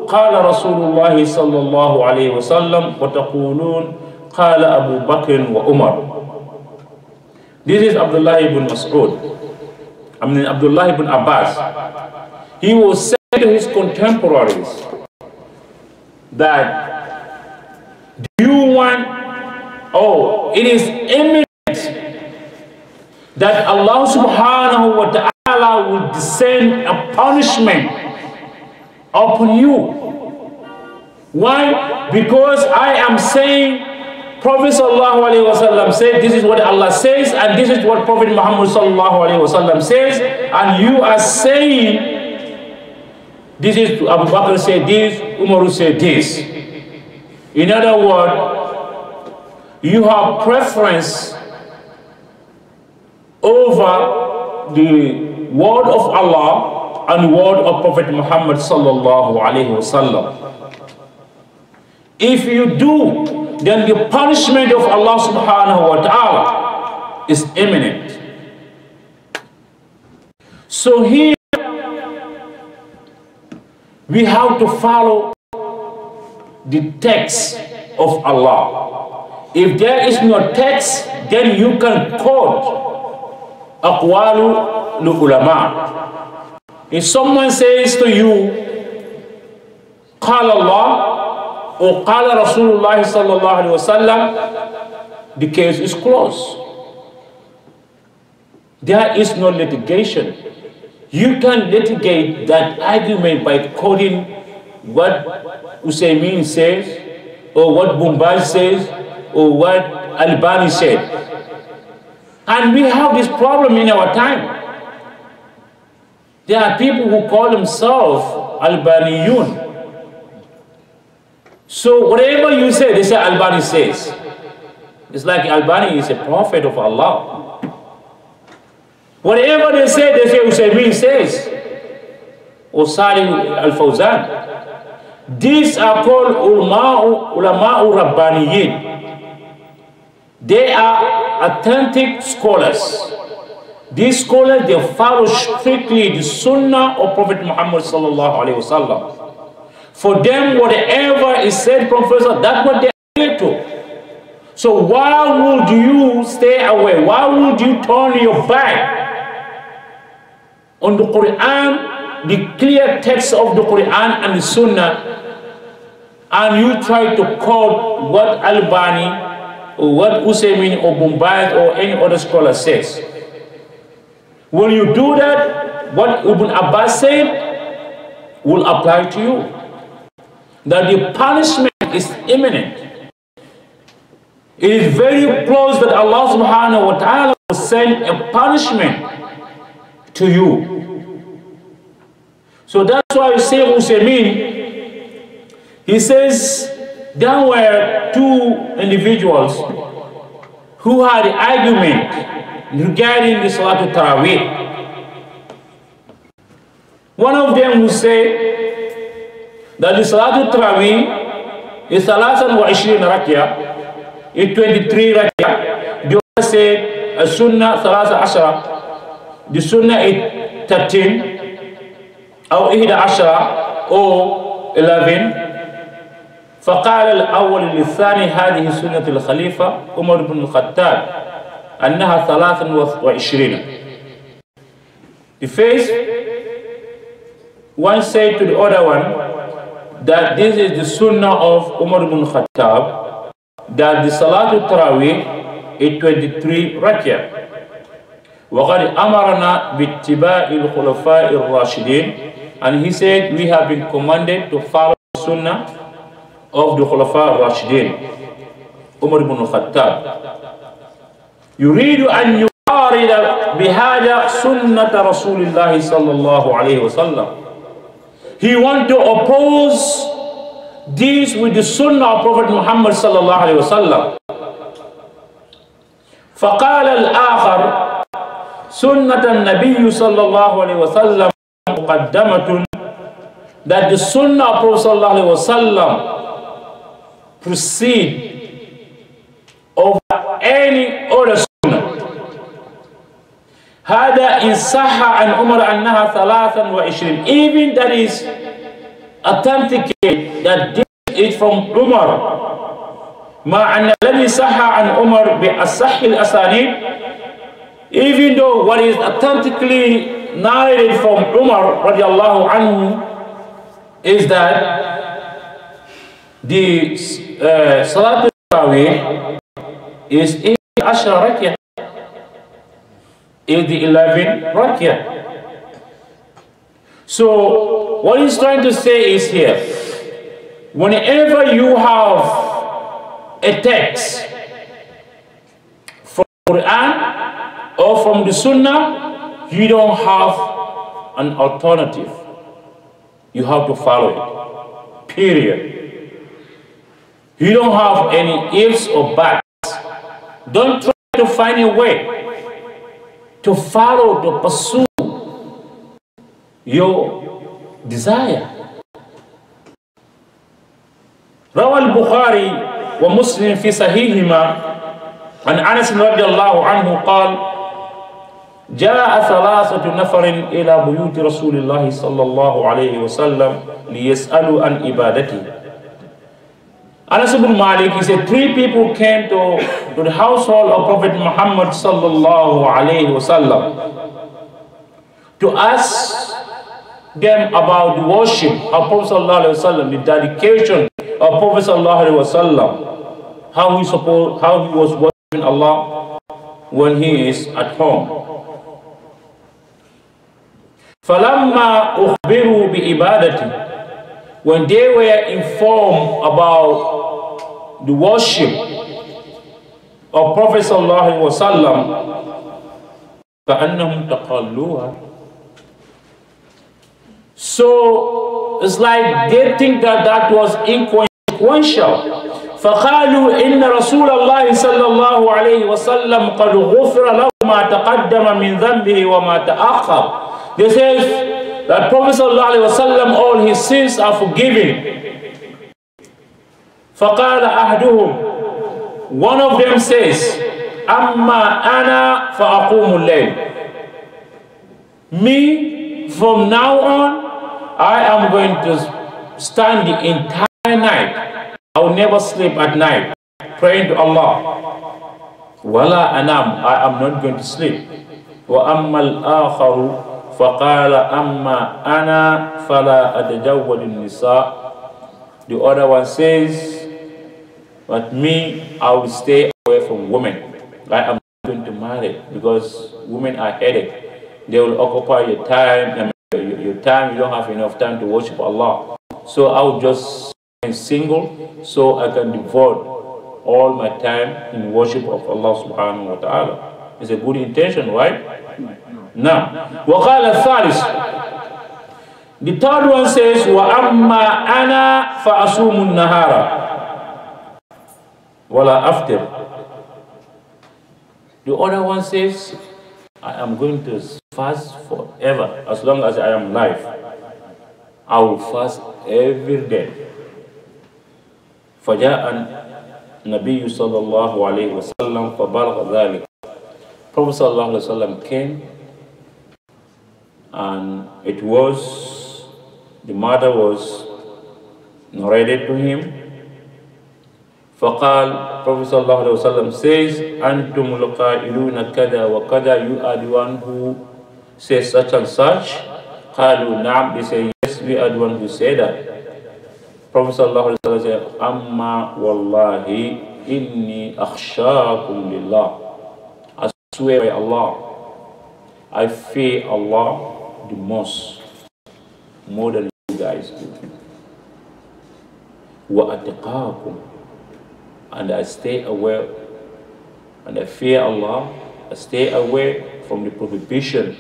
قال رسول الله صلى الله عليه وسلم وتقولون قال أبو بكر وعمر This is Abdullah ibn Mas'ud. I mean Abdullah ibn Abbas. He was to his contemporaries that do you want oh it is imminent that Allah subhanahu wa ta'ala will descend a punishment upon you why because I am saying Prophet sallallahu alaihi wasallam said this is what Allah says and this is what Prophet Muhammad sallallahu alaihi wasallam says and you are saying this is Abu Bakr said this, Umar said this. In other words, you have preference over the word of Allah and word of Prophet Muhammad sallallahu alaihi wasallam. If you do, then the punishment of Allah subhanahu wa ta'ala is imminent. So here we have to follow the text of Allah. If there is no text, then you can quote aqwalu ulama. If someone says to you, قال Allah or قال Rasulullah sallallahu صلى الله the case is closed. There is no litigation. You can litigate that argument by quoting what Usaimin says, or what Mumbai says, or what Albani said. And we have this problem in our time. There are people who call themselves Albaniyun. So whatever you say, they say Albani says. It's like Albani is a prophet of Allah. Whatever they say, they say Usaymin says, or Al-Fawzan. These are called ulama, ulama Rabbaniyin. They are authentic scholars. These scholars, they follow strictly the sunnah of Prophet Muhammad sallallahu alaihi wasallam. For them, whatever is said from Professor, that's what they adhere to. So why would you stay away? Why would you turn your back on the Quran, the clear text of the Quran and the Sunnah, and you try to quote what Albani, or what Usaymin or Bumbayat or any other scholar says. When you do that, what Ibn Abbas said will apply to you. That the punishment is imminent. It is very close that Allah subhanahu wa ta'ala will send a punishment to you. So that's why say Usaimin, he says there were two individuals who had argument regarding the Salatul Taraweeh. One of them will say that the Salatul Taraweeh is Salatan wa Ishrin Rakya, is 23 Rakya. The other said, Sunnah Salasa Ashra, دي سنة 13 أو 11 أو 11 فقال الأول للثاني هذه سنة الخليفة عمر بن الخطاب أنها 23 The first one said to the other one that this is the sunnah of Umar ibn Khattab that the Salatul Tarawih is 23 rak'ah وقد أمرنا باتباع الخلفاء الراشدين and he said we have been commanded to follow the sunnah of the خلفاء الراشدين عمر بن الخطاب يريد أن يقارن بهذا سنة رسول الله صلى الله عليه وسلم he want to oppose this with the sunnah of Prophet Muhammad صلى الله عليه وسلم فقال الآخر سنة النبي صلى الله عليه وسلم مقدمة that the sunnah of Prophet صلى الله عليه وسلم precede over any other sunnah هذا إن صح عن عمر أنها ثلاثا وعشرين even that is authenticate that this is from عمر ما أن الذي صح عن عمر بأصح الأساليب Even though what is authentically narrated from Umar radiallahu anhu is that the uh, Salat Tarawih is in Ashra Rakiyah, in the 11 here. So what he's trying to say is here, whenever you have a text from Quran or from the Sunnah, you don't have an alternative. You have to follow it. Period. You don't have any ifs or buts. Don't try to find a way to follow, to pursue your desire. روى البخاري ومسلم في صحيحهما عن انس رضي الله عنه قال جاء ثلاثة نفر إلى بيوت رسول الله صلى الله عليه وسلم ليسألوا عن عبادته Anas ibn Malik, he said, three people came to, to the household of Prophet Muhammad sallallahu alayhi wasallam to ask them about the worship of Prophet sallallahu alayhi wasallam, the dedication of Prophet sallallahu alayhi wasallam, how he support, how he was worshiping Allah when he is at home. Falamma ukhbiru bi ibadati. When they were informed about the worship of Prophet sallallahu alaihi wasallam, فَأَنَّهُمْ تَقَلُّوهَا so it's like they think that that was inconsequential. فقالوا إن رسول الله صلى الله عليه وسلم قد غفر له ما تقدم من ذنبه وما تأخر they say that Prophet Wasallam, all his sins are forgiven. فَقَالَ أَحْدُهُمْ One of them says, أَمَّا أَنَا فَأَقُومُ اللَّيْلِ Me, from now on, I am going to stand the entire night. I will never sleep at night, praying to Allah. وَلَا أَنَامُ I am not going to sleep. وَأَمَّا الْآخَرُ فقال أما أنا فلا أتجول النساء the other one says but me I will stay away from women like I'm going to marry because women are headache they will occupy your time your time you don't have enough time to worship Allah so I will just be single so I can devote all my time in worship of Allah subhanahu wa ta'ala. It's a good intention, right? Now, Waqala thalith. The third one says, Wa amma ana fa nahara. Wala after. The other one says, I am going to fast forever, as long as I am alive. I will fast every day. Faja'an Nabiyyu sallallahu alayhi wa sallam fa balagh dhalik. Prophet sallallahu alayhi wa sallam came and it was, the mother was narrated to him. فقال Prophet صلى الله عليه وسلم says أنتم القائلون كذا وكذا you are the one who says such and such قالوا نعم they say yes we are the one who say that Prophet صلى الله عليه وسلم said أما والله إني أخشاكم لله I swear by Allah I fear Allah the most more than you guys do. وَأَتَقَاكُمْ And I stay aware, and I fear Allah, I stay away from the prohibition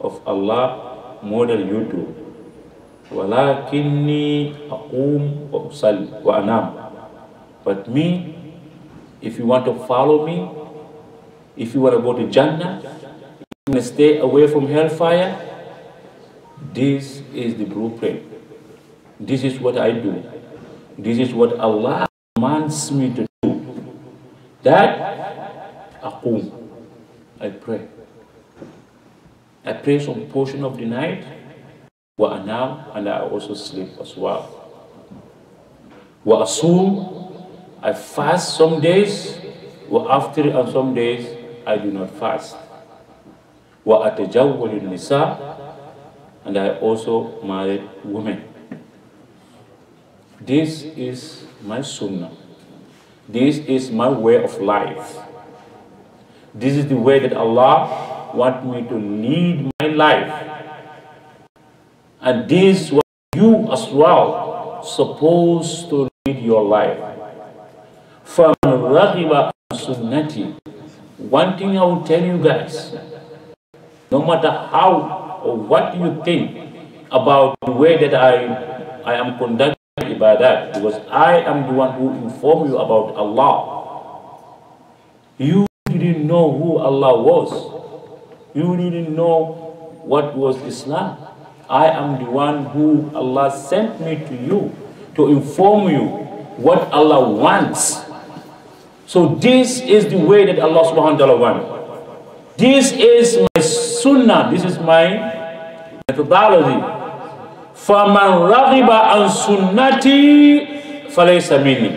of Allah more than you do. وَلَكِنِّي أَقُومُ وَأَنَامُ But me, if you want to follow me, if you want to go to Jannah, to stay away from hellfire, this is the blueprint. This is what I do. This is what Allah commands me to do. That, aqum, I pray. I pray some portion of the night, wa anam, and I also sleep as well. Wa asum, I fast some days, wa after and some days, I do not fast. Wa atajawwalun nisa, and I also married women. This is my sunnah. This is my way of life. This is the way that Allah wants me to lead my life. And this is what you as well supposed to lead your life. From Raghiba Sunnati, one thing I will tell you guys, no matter how or what you think about the way that I, I am conducting ibadat, because I am the one who informed you about Allah. You didn't know who Allah was. You didn't know what was Islam. I am the one who Allah sent me to you to inform you what Allah wants. So this is the way that Allah subhanahu wa ta'ala wants. This is sunnah. This is my methodology. فَمَنْ رَغِبَ عَنْ سُنَّتِي فَلَيْسَ مِنِّي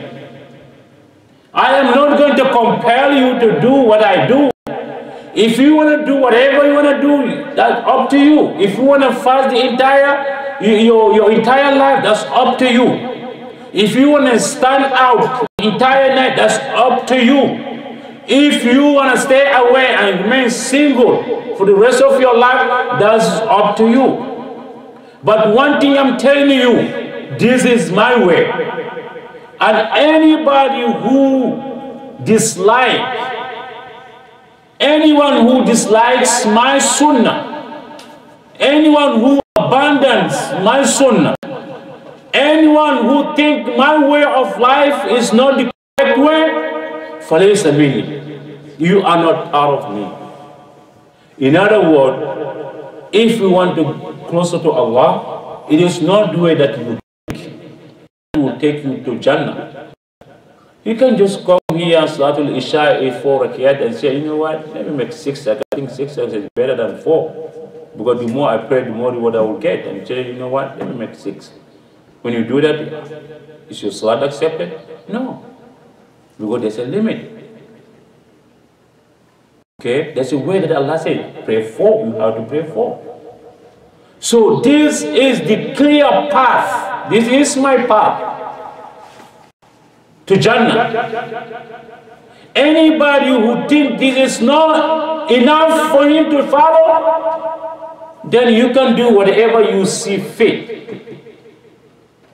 I am not going to compel you to do what I do. If you want to do whatever you want to do, that's up to you. If you want to fast the entire your, your entire life, that's up to you. If you want to stand out entire night, that's up to you. If you want to stay away and remain single for the rest of your life, that's up to you. But one thing I'm telling you, this is my way. And anybody who dislikes, anyone who dislikes my sunnah, anyone who abandons my sunnah, anyone who think my way of life is not the correct way, فليس مني. You are not out of me. In other words, if we want to closer to Allah, it is not the way that you It will take you to Jannah. You can just come here and to Isha a four rakat and say, you know what, let me make six I think six is better than four. Because the more I pray, the more reward I will get. And say, you know what, let me make six. When you do that, is your salat accepted? No because there's a limit. Okay, there's a way that Allah said, pray for, you have to pray for. So this is the clear path. This is my path to Jannah. Anybody who thinks this is not enough for him to follow, then you can do whatever you see fit.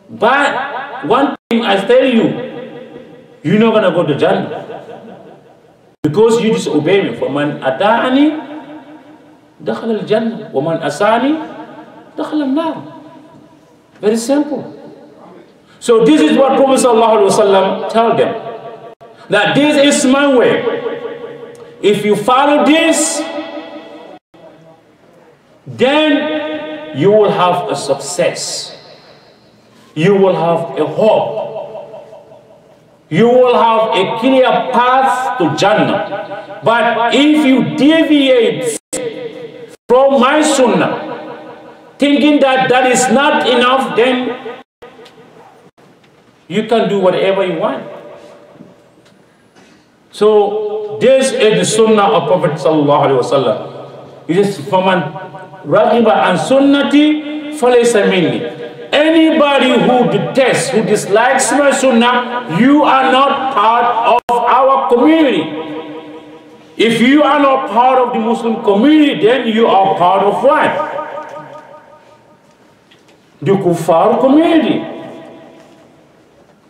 But one thing I tell you, you're not going to go to Jannah. Because you disobey me. فَمَنْ أَتَاعَنِي دَخَلَ الْجَنَّةِ وَمَنْ أَسَانِي دَخَلَ النَّارِ Very simple. So this is what Prophet Wasallam tell them. That this is my way. If you follow this, then you will have a success. You will have a hope you will have a clear path to Jannah. But if you deviate from my sunnah, thinking that that is not enough, then you can do whatever you want. So this is the sunnah of Prophet sallallahu alaihi wasallam. It is faman raqiba an sunnati falaysa minni. Anybody who detests, who dislikes my sunnah, you are not part of our community. If you are not part of the Muslim community, then you are part of what? The kuffar community.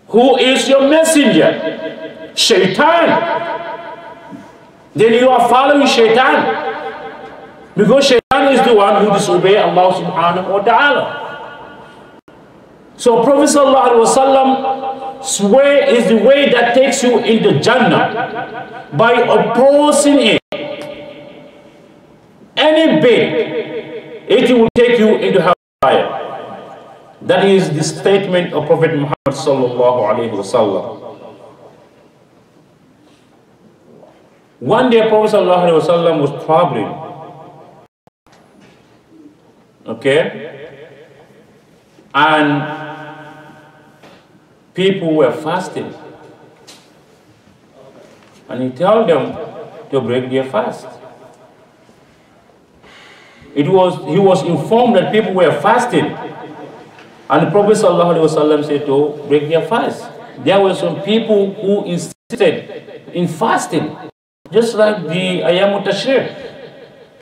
Who is your messenger? Shaitan. Then you are following Shaitan. Because Shaitan is the one who disobeys Allah subhanahu wa ta'ala. So Prophet Sallallahu swear is the way that takes you into Jannah by opposing it. Any bit, it will take you into hellfire. That is the statement of Prophet Muhammad Sallallahu Alaihi Wasallam. One day Prophet Sallallahu Alaihi Wasallam was traveling. Okay? And people were fasting. And he told them to break their fast. It was, he was informed that people were fasting. And the Prophet ﷺ said to break their fast. There were some people who insisted in fasting, just like the ayam Tashir.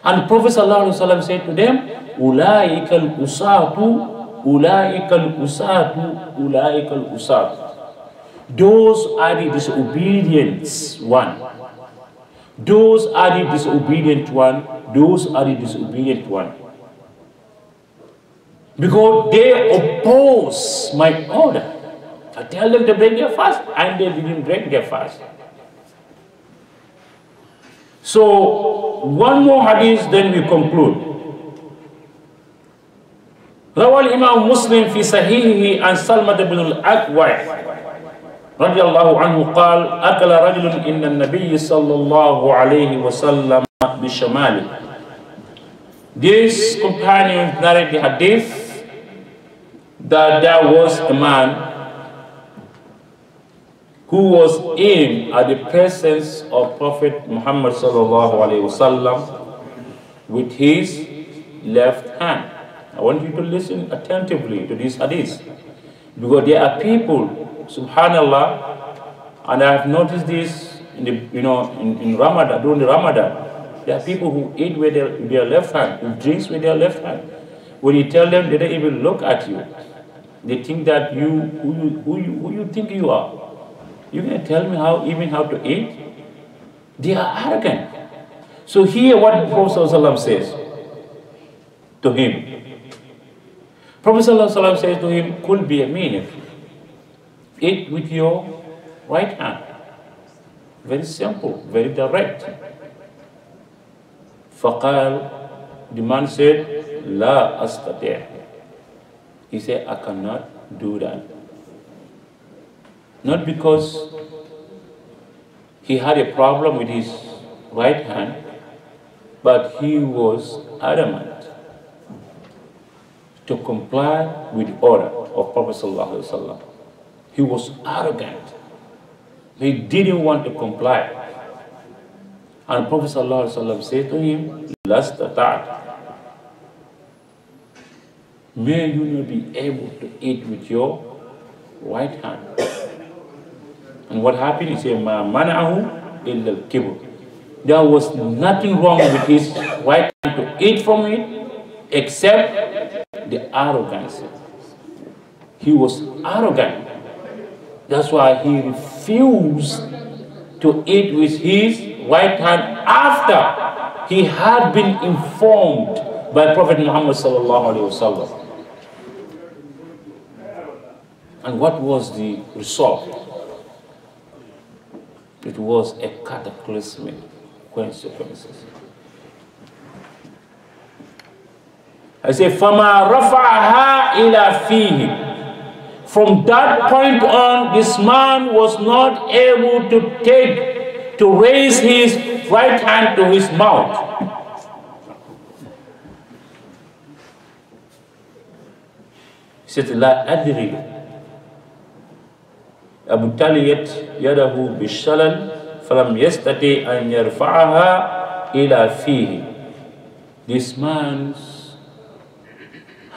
And the Prophet ﷺ said to them, Ulaikal usatu, ulaikal usatu. Those are the disobedient one. Those are the disobedient one. Those are the disobedient one. Because they oppose my order. I tell them to break their fast and they didn't break their fast. So, one more hadith, then we conclude. This companion narrated the hadith that there was a man who was in at the presence of Prophet Muhammad sallallahu alaihi wasallam with his left hand. I want you to listen attentively to these hadiths. Because there are people, subhanallah, and I have noticed this in the, you know, in, in Ramadan, during the Ramadan, there are people who eat with their, their left hand, who drinks with their left hand. When you tell them, they don't even look at you. They think that you, who you, who you, who you think you are. You can tell me how, even how to eat? They are arrogant. So here what the Prophet says to him, Prophet ﷺ says to him, "Could be a meaning. Eat with your right hand. Very simple, very direct. Faqal, the man said, La astati'. He said, I cannot do that. Not because he had a problem with his right hand, but he was adamant to comply with the order of Prophet Sallallahu He was arrogant. He didn't want to comply. And Prophet Sallallahu said to him, Last attack. May you not be able to eat with your right hand. and what happened? He said, Ma mana'ahu illa al There was nothing wrong with his right hand to eat from it except the arrogance. He was arrogant. That's why he refused to eat with his right hand after he had been informed by Prophet Muhammad And what was the result? It was a cataclysmic consequences. I say, فَمَا رَفَعَهَا إِلَى فِيهِ From that point on, this man was not able to take, to raise his right hand to his mouth. He said, لا أدري أبو تاليت يده بالشلل فلم يستطيع أن يرفعها إلى فيه. This man's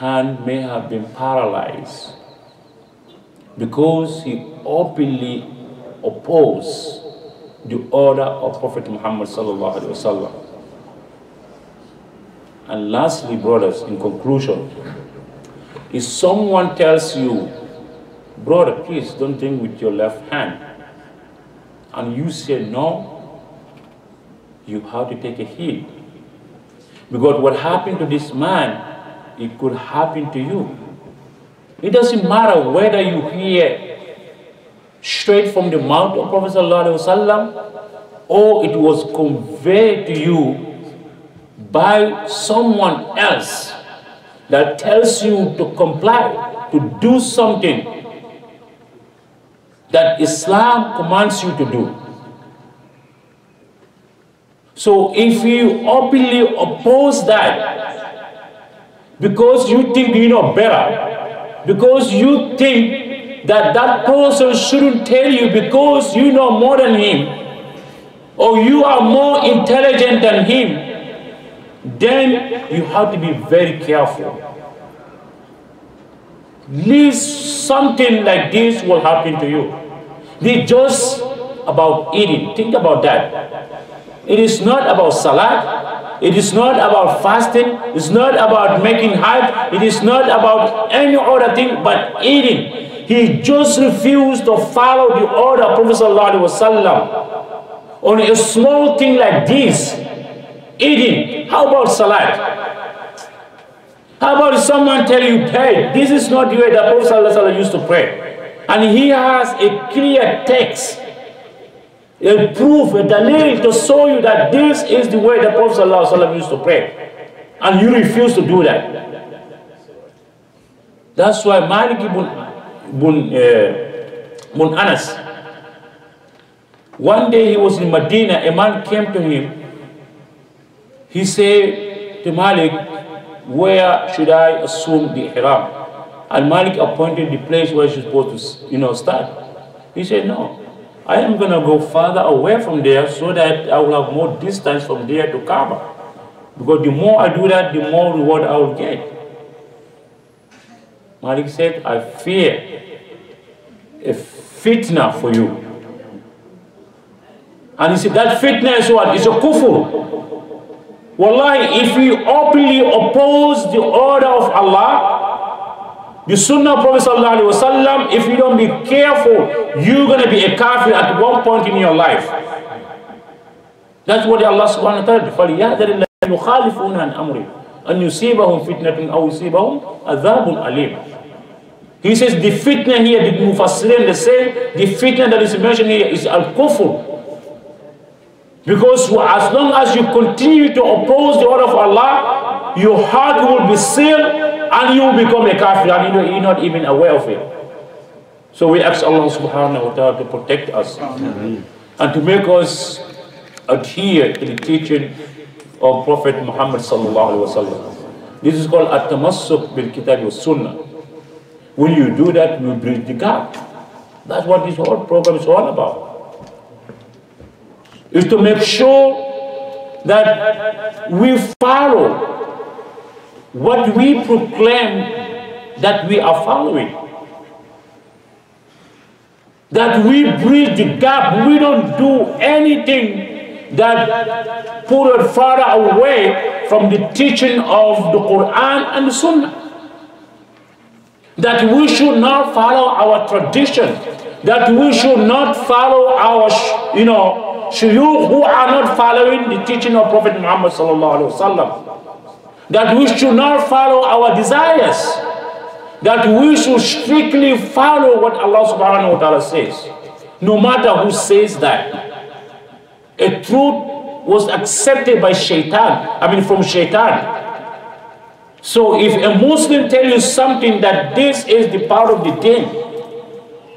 hand may have been paralyzed because he openly opposed the order of Prophet Muhammad And lastly, brothers, in conclusion, if someone tells you, brother, please don't drink with your left hand, and you say no, you have to take a hit. Because what happened to this man it could happen to you. It doesn't matter whether you hear straight from the mouth of Prophet Wasallam or it was conveyed to you by someone else that tells you to comply, to do something that Islam commands you to do. So if you openly oppose that, because you think you know better, because you think that that person shouldn't tell you because you know more than him, or you are more intelligent than him, then you have to be very careful. Least something like this will happen to you. They just about eating. Think about that. It is not about salad. It is not about fasting. It's not about making hype. It is not about any other thing but eating. He just refused to follow the order of Prophet Sallallahu on a small thing like this. Eating. How about salat? How about someone tell you pray? This is not the way that Prophet Sallallahu used to pray. And he has a clear text a proof, a dalil to show you that this is the way the Prophet used to pray. And you refuse to do that. That's why Malik ibn, ibn, uh, ibn Anas, one day he was in Medina, a man came to him. He said to Malik, where should I assume the ihram? And Malik appointed the place where she's supposed to you know, start. He said, no, I am going to go further away from there so that I will have more distance from there to cover. Because the more I do that, the more reward I will get. Malik said, I fear a fitna for you. And he said, that fitna is what? It's a kufur. Wallahi, if we openly oppose the order of Allah, the Sunnah of Prophet Allah, Wasallam, if you don't be careful, you're going to be a kafir at one point in your life. That's what Allah subhanahu wa ta'ala فَلْيَهْذَرِ يُخَالِفُونَ عَنْ أَمْرِهِ أَنْ يُصِيبَهُمْ فِتْنَةٌ أَوْ يُصِيبَهُمْ عَذَابٌ أَلِيمٌ He says the fitna here, the mufassirin, they say the fitna that is mentioned here is al-kufr. Because as long as you continue to oppose the order of Allah, your heart will be sealed and you become a kafir and you know, you're not even aware of it. So we ask Allah subhanahu wa ta'ala to protect us Amen. and to make us adhere to the teaching of Prophet Muhammad sallallahu alaihi wasallam. This is called at-tamassuk bil kitab wa sunnah. When you do that, you bridge the gap. That's what this whole program is all about. Is to make sure that we follow what we proclaim that we are following. That we bridge the gap, we don't do anything that put it further away from the teaching of the Quran and the Sunnah. That we should not follow our tradition, that we should not follow our, you know, shuyukh who are not following the teaching of Prophet Muhammad sallallahu alaihi wasallam that we should not follow our desires, that we should strictly follow what Allah subhanahu wa ta'ala says, no matter who says that. A truth was accepted by shaitan, I mean from shaitan. So if a Muslim tell you something that this is the part of the thing,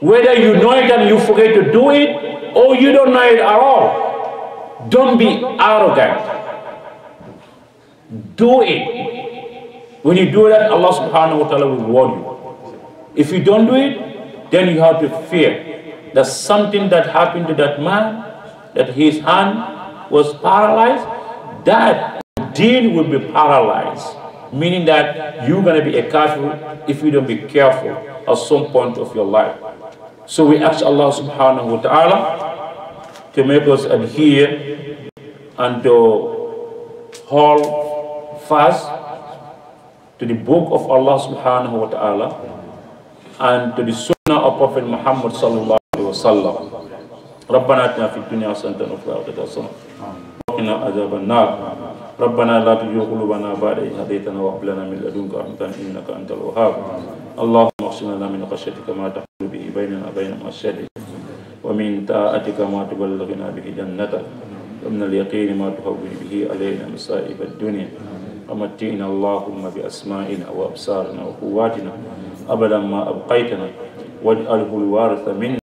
whether you know it and you forget to do it, or you don't know it at all, don't be arrogant. Do it. When you do that, Allah subhanahu wa ta'ala will warn you. If you don't do it, then you have to fear that something that happened to that man, that his hand was paralyzed, that deed will be paralyzed. Meaning that you're going to be a kafir if you don't be careful at some point of your life. So we ask Allah subhanahu wa ta'ala to make us adhere and to hold fast to the book of Allah subhanahu wa ta'ala and to the sunnah of Prophet Muhammad sallallahu alayhi wa sallam. ربنا اتنا في الدنيا حسنة وفي الآخرة حسنة وقنا عذاب النار ربنا لا تزغ قلوبنا بعد إذ هديتنا وهب لنا من لدنك رحمة إنك أنت الوهاب اللهم اقسم لنا من خشيتك ما تحول به بيننا وبين معصيتك ومن طاعتك ما تبلغنا به جنتك ومن اليقين ما تهون به علينا مصائب الدنيا ومتئنا اللهم بأسمائنا وأبصارنا وقواتنا أبدا ما أبقيتنا واجعله الوارث منا